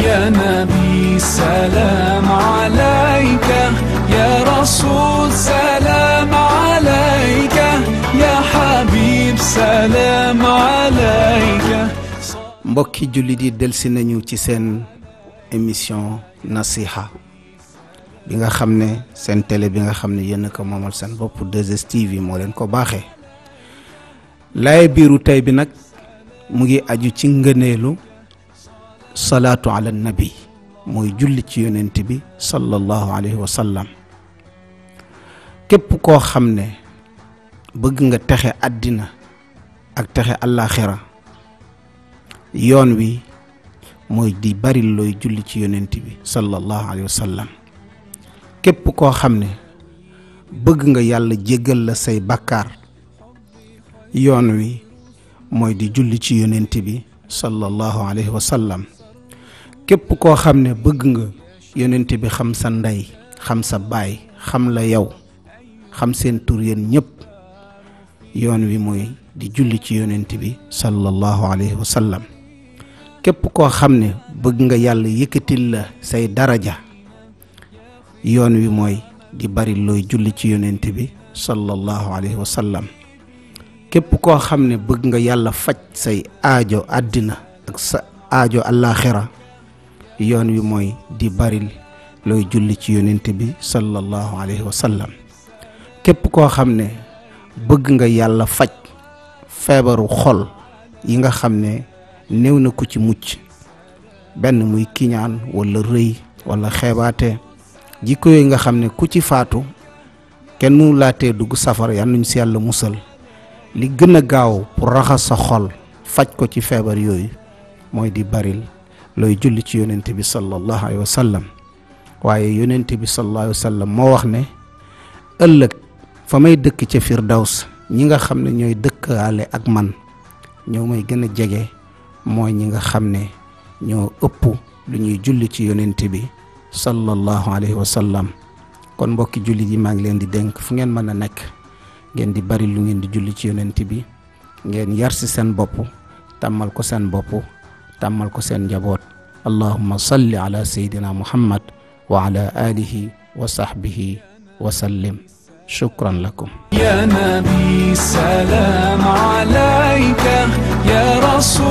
يا نبي سلام عليك يا رسول سلام عليك يا حبيب سلام mbokki jullit yi delsi nañu ci seen émission nasiha bi nga xam ne seen télé bi nga xam ne yéen ko moomal seen bopp 2STV moo leen ko baaxe laay biiru tey bi nag mu ngi aju ci ngëneelu salaatu ala nabi mooy julli ci yonent bi sallallahu alayhi wa képp koo xam ne bëgg nga texe àddina ak texe àllaaxira yoon wi mooy di bari looy julli ci yonent bi sallallahu alayhi wa képp koo xam ne bëgg nga yàlla jégal la say bàkkaar yoon wi mooy di julli ci yonent bi sallallahu alayhi wa képp koo xam ne bëgg nga yonent bi xam sa ndey xam sa baay xam la yow xam seen tur yéen ñëpp yoon wi mooy di julli ci yonent bi sallallahu alayhi wa képp koo xam ne bëgg nga yàlla yëkkatil la say daraja yoon wi mooy di bari looy julli ci yonent bi sallallahu alayhi képp koo xam ne bëgg nga yàlla faj say aajo àddina ak sa aajo àllaaxira yoon wi mooy di baril looy julli ci yonent bi sallallahu alayhi wa képp koo xam ne bëgg nga yàlla faj feebaru xol yi nga xam ne néew na ko ci mucc benn muy kiñaan wala rëy wala xeebaate jikko yi nga xam ne ku ci faatu kenn mu laate dugg safar yal nañu si yàlla musal li gën a gaaw pour raxas sa xol faj ko ci feebar yooyu mooy di baril looy julli ci yonent bi sallallahu alayhi wa sallam waaye yonent bi sallallahu alayhi sallam moo wax ne ëllëg fa may dëkk ca Firdaws ñi nga xam ne ñooy dëkkaale ak man ñoo may gën a jege mooy ñi nga xam ne ñoo ëpp lu ñuy julli ci yonent bi sallallahu alayhi wa sallam kon mbokki julli ji maa ngi leen di dénk fu ngeen mën a nekk ngeen di bari lu ngeen di julli ci yonent bi ngeen yar si seen bopp tàmmal ko seen bopp tàmmal ko seen njaboot allahuma salli ala sayidina muhammad wa ala alihi wa sahbihi wa sallim shukran lakum ya nabi salam alayka ya rasul